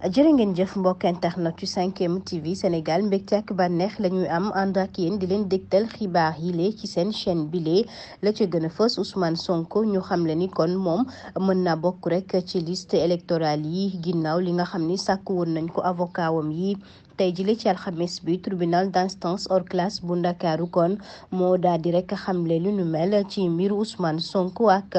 jërë ngeen jëf mbokk internet ci 5M TV Sénégal mbégte ak bànneex la ñuy am ànd ak yéen di leen dégtal xibaar yi le ci seen chaîne bile la ci gën a fës Ousmane Sonko ñu xam le ni kon moom mën naa bokk rek ci liste électorale yi ginnaaw li nga xam ni sàkku woon nañ ko avocat wam yi. tey jile ci alxames bi tribunal d'instance hors classe bu ndakaaru kon moo daal di rek xamle lu nu mel ci mbiru Ousmane sonk ak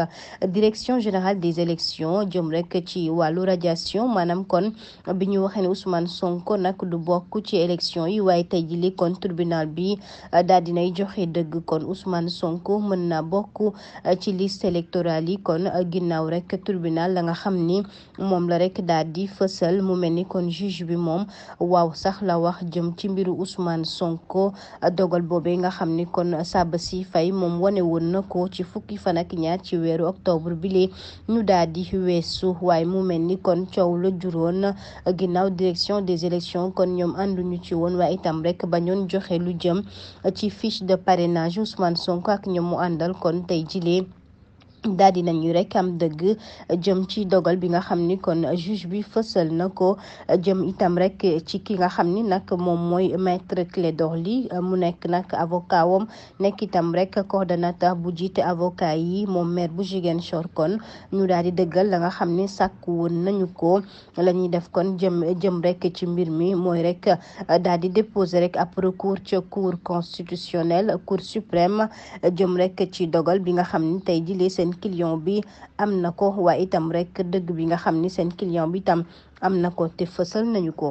direction général des élections jëm rek ci wàllu radiation maanaam kon bi ñu waxee ne Ousmane Sonko nag du bokk ci élection yi waaye tey ji li kon tribunal bi euh, daal dinay joxe dëgg kon Ousmane Sonko mën naa bokk euh, ci liste électorale yi kon euh, ginnaaw rek tribunal la nga xam ni moom la rek daal di fësal mu mel ni kon juge bi moom waaw sax la wax jëm ci mbiru Ousmane Sonko dogal boobee nga xam ni kon si fay moom wane woon na ko ci fukki fan ak ñaar ci weeru octobre bi lee ñu daal di weesu waaye mu mel ni kon coow la juróon ginnaaw direction des élections kon ñoom ànduñu ci woon waaye itam rek bañoon joxe lu jëm ci fiche de parrainage Ousmane Sonko ak ñoom mu àndal kon tey jilee daal di nañu rek am dëgg jëm ci dogal bi nga xam ni kon juge bi fësal na ko jëm itam rek ci ki nga xam ni nag moom mooy maitre maître Clédor Ly mu nekk nag avocat wam nekk itam rek coordonnateur bu jiite avocat yi moom maire bu jigéen Ziguinchor kon ñu daal di dëggal la nga xam ni sàkk woon nañu ko la ñuy def kon jëm jëm rek ci mbir mi mooy rek daal di déposer rek ab recours ci cour constitutionnelle cour suprême jëm rek ci dogal bi nga xam ni tey jii seen seen client bi am na ko waaye itam rek dëgg bi nga xam ni seen client bi itam am na ko te fësal nañu ko.